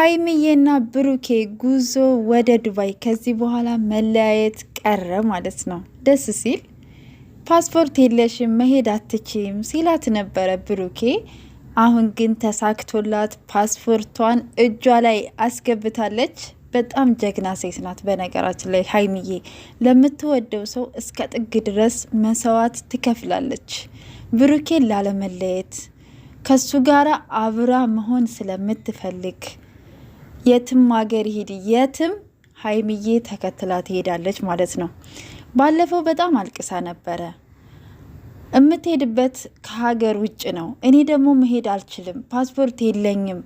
ሀይሚዬና ብሩኬ ጉዞ ወደ ዱባይ ከዚህ በኋላ መለያየት ቀረ ማለት ነው። ደስ ሲል ፓስፖርት የለሽም መሄድ አትችም ሲላት ነበረ ብሩኬ። አሁን ግን ተሳክቶላት ፓስፖርቷን እጇ ላይ አስገብታለች። በጣም ጀግና ሴት ናት። በነገራችን ላይ ሀይሚዬ ለምትወደው ሰው እስከ ጥግ ድረስ መስዋዕት ትከፍላለች። ብሩኬን ላለመለየት ከሱ ጋር አብራ መሆን ስለምትፈልግ የትም ሀገር ሂድ የትም ሀይሚዬ ተከትላ ትሄዳለች ማለት ነው። ባለፈው በጣም አልቅሳ ነበረ። የምትሄድበት ከሀገር ውጭ ነው። እኔ ደግሞ መሄድ አልችልም፣ ፓስፖርት የለኝም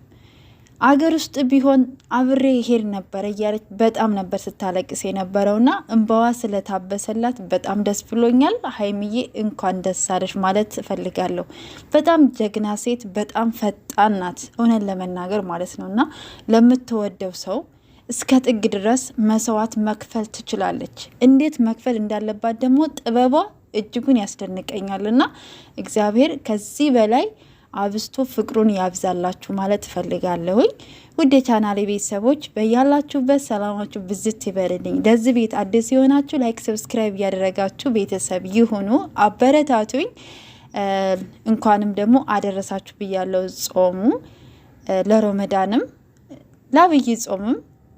አገር ውስጥ ቢሆን አብሬ ሄድ ነበረ እያለች በጣም ነበር ስታለቅስ የነበረውና እንባዋ ስለታበሰላት በጣም ደስ ብሎኛል። ሀይምዬ እንኳን ደስ አለሽ ማለት እፈልጋለሁ። በጣም ጀግና ሴት፣ በጣም ፈጣን ናት እውነን ለመናገር ማለት ነው እና ለምትወደው ሰው እስከ ጥግ ድረስ መስዋዕት መክፈል ትችላለች። እንዴት መክፈል እንዳለባት ደግሞ ጥበቧ እጅጉን ያስደንቀኛል እና እግዚአብሔር ከዚህ በላይ አብስቶ ፍቅሩን ያብዛላችሁ ማለት እፈልጋለሁኝ። ውድ የቻናሌ ቤተሰቦች በያላችሁበት ሰላማችሁ ብዝት ይበልልኝ። ለዚህ ቤት አዲስ የሆናችሁ ላይክ፣ ሰብስክራይብ እያደረጋችሁ ቤተሰብ ይሁኑ፣ አበረታቱኝ። እንኳንም ደግሞ አደረሳችሁ ብያለው። ጾሙ ለሮመዳንም ለአብይ ጾምም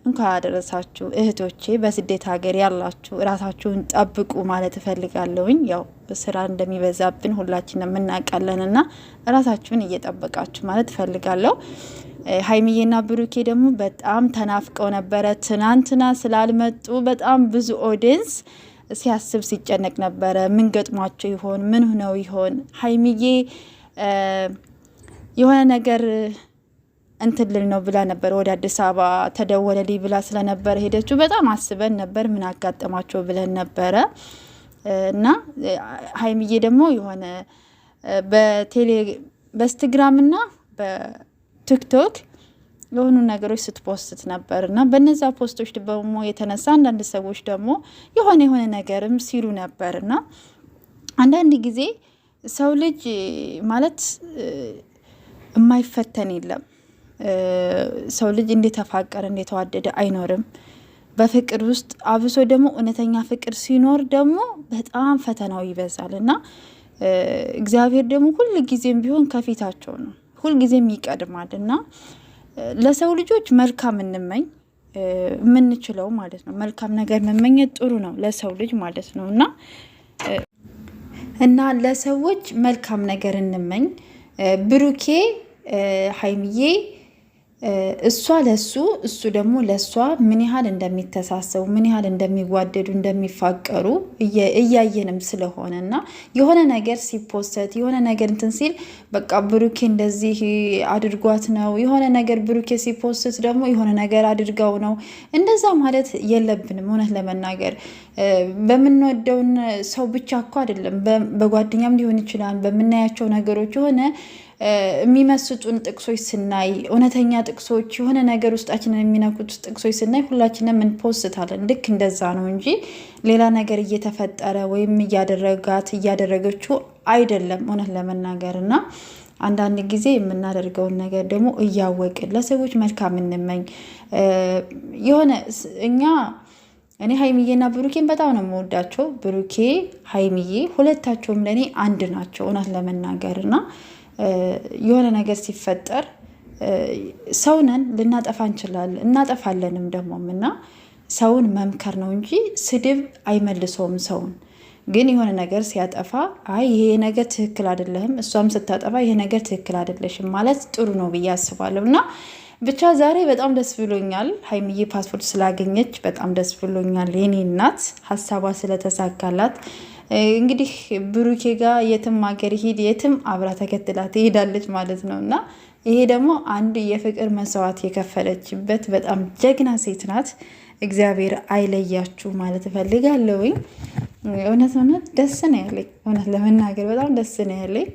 እንኳን ያደረሳችሁ እህቶቼ፣ በስደት ሀገር ያላችሁ እራሳችሁን ጠብቁ ማለት እፈልጋለሁኝ። ያው ስራ እንደሚበዛብን ሁላችንም እናውቃለን እራሳችሁን እየጠበቃችሁ ማለት እፈልጋለሁ። ሀይሚዬና ብሩኬ ደግሞ በጣም ተናፍቀው ነበረ። ትናንትና ስላልመጡ በጣም ብዙ ኦዲንስ ሲያስብ ሲጨነቅ ነበረ። ምን ገጥሟቸው ይሆን? ምን ነው ይሆን? ሀይሚዬ የሆነ ነገር እንትን ልል ነው ብላ ነበር። ወደ አዲስ አበባ ተደወለልኝ ብላ ስለነበረ ሄደችው። በጣም አስበን ነበር ምን አጋጠማቸው ብለን ነበረ እና ሀይምዬ ደግሞ የሆነ በቴሌ በኢንስትግራም እና በቲክቶክ የሆኑ ነገሮች ስትፖስት ነበር እና በነዛ ፖስቶች ደግሞ የተነሳ አንዳንድ ሰዎች ደግሞ የሆነ የሆነ ነገርም ሲሉ ነበር እና አንዳንድ ጊዜ ሰው ልጅ ማለት የማይፈተን የለም። ሰው ልጅ እንደተፋቀረ እንደተዋደደ አይኖርም። በፍቅር ውስጥ አብሶ ደግሞ እውነተኛ ፍቅር ሲኖር ደግሞ በጣም ፈተናው ይበዛል እና እግዚአብሔር ደግሞ ሁል ጊዜም ቢሆን ከፊታቸው ነው፣ ሁል ጊዜም ይቀድማል እና ለሰው ልጆች መልካም እንመኝ የምንችለው ማለት ነው። መልካም ነገር መመኘት ጥሩ ነው ለሰው ልጅ ማለት ነው እና እና ለሰዎች መልካም ነገር እንመኝ ብሩኬ ሀይምዬ እሷ ለሱ እሱ ደግሞ ለእሷ ምን ያህል እንደሚተሳሰቡ ምን ያህል እንደሚዋደዱ እንደሚፋቀሩ እያየንም ስለሆነ እና የሆነ ነገር ሲፖሰት የሆነ ነገር እንትን ሲል በቃ ብሩኬ እንደዚህ አድርጓት ነው የሆነ ነገር ብሩኬ ሲፖስት ደግሞ የሆነ ነገር አድርገው ነው እንደዛ ማለት የለብንም። እውነት ለመናገር በምንወደውን ሰው ብቻ እኮ አይደለም፣ በጓደኛም ሊሆን ይችላል። በምናያቸው ነገሮች የሆነ የሚመስጡን ጥቅሶች ስናይ፣ እውነተኛ ጥቅሶች፣ የሆነ ነገር ውስጣችንን የሚነኩት ጥቅሶች ስናይ ሁላችንም እንፖስታለን። ልክ እንደዛ ነው እንጂ ሌላ ነገር እየተፈጠረ ወይም እያደረጋት እያደረገችው አይደለም እውነት ለመናገር እና አንዳንድ ጊዜ የምናደርገውን ነገር ደግሞ እያወቅን ለሰዎች መልካም እንመኝ የሆነ እኛ እኔ ሀይሚዬና ብሩኬን በጣም ነው የምወዳቸው። ብሩኬ ሀይሚዬ ሁለታቸውም ለእኔ አንድ ናቸው እውነት ለመናገር እና የሆነ ነገር ሲፈጠር ሰውነን ልናጠፋ እንችላለን፣ እናጠፋለንም ደግሞም እና ሰውን መምከር ነው እንጂ ስድብ አይመልሰውም ሰውን ግን የሆነ ነገር ሲያጠፋ አይ ይሄ ነገር ትክክል አይደለህም፣ እሷም ስታጠፋ ይሄ ነገር ትክክል አይደለሽም ማለት ጥሩ ነው ብዬ አስባለሁ። እና ብቻ ዛሬ በጣም ደስ ብሎኛል፣ ሀይሚዬ ፓስፖርት ስላገኘች በጣም ደስ ብሎኛል። የኔ እናት ሀሳቧ ስለተሳካላት እንግዲህ ብሩኬ ጋር የትም ሀገር ሂድ የትም አብራ ተከትላ ትሄዳለች ማለት ነው እና ይሄ ደግሞ አንድ የፍቅር መስዋዕት የከፈለችበት በጣም ጀግና ሴት ናት። እግዚአብሔር አይለያችሁ ማለት እፈልጋለሁኝ። እውነት እውነት ደስ ነው ያለኝ፣ እውነት ለመናገር በጣም ደስ ነው ያለኝ።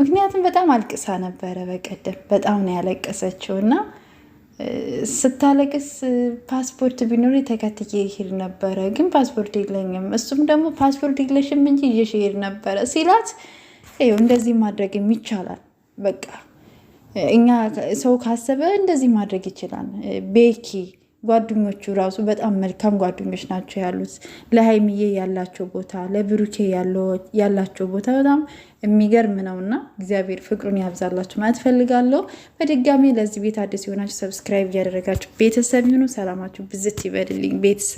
ምክንያቱም በጣም አልቅሳ ነበረ በቀደም፣ በጣም ነው ያለቀሰችው እና ስታለቅስ ፓስፖርት ቢኖር ተከትዬ ይሄድ ነበረ፣ ግን ፓስፖርት የለኝም። እሱም ደግሞ ፓስፖርት የለሽም እንጂ ይዤሽ ይሄድ ነበረ ሲላት፣ ይኸው እንደዚህ ማድረግ ይቻላል። በቃ እኛ ሰው ካሰበ እንደዚህ ማድረግ ይችላል። ቤኪ ጓደኞቹ ራሱ በጣም መልካም ጓደኞች ናቸው ያሉት። ለሀይሚዬ ያላቸው ቦታ፣ ለብሩኬ ያላቸው ቦታ በጣም የሚገርም ነው እና እግዚአብሔር ፍቅሩን ያብዛላችሁ ማለት ፈልጋለሁ። በድጋሚ ለዚህ ቤት አዲስ የሆናችሁ ሰብስክራይብ እያደረጋችሁ ቤተሰብ ይሁኑ። ሰላማችሁ ብዝት ይበድልኝ ቤተሰብ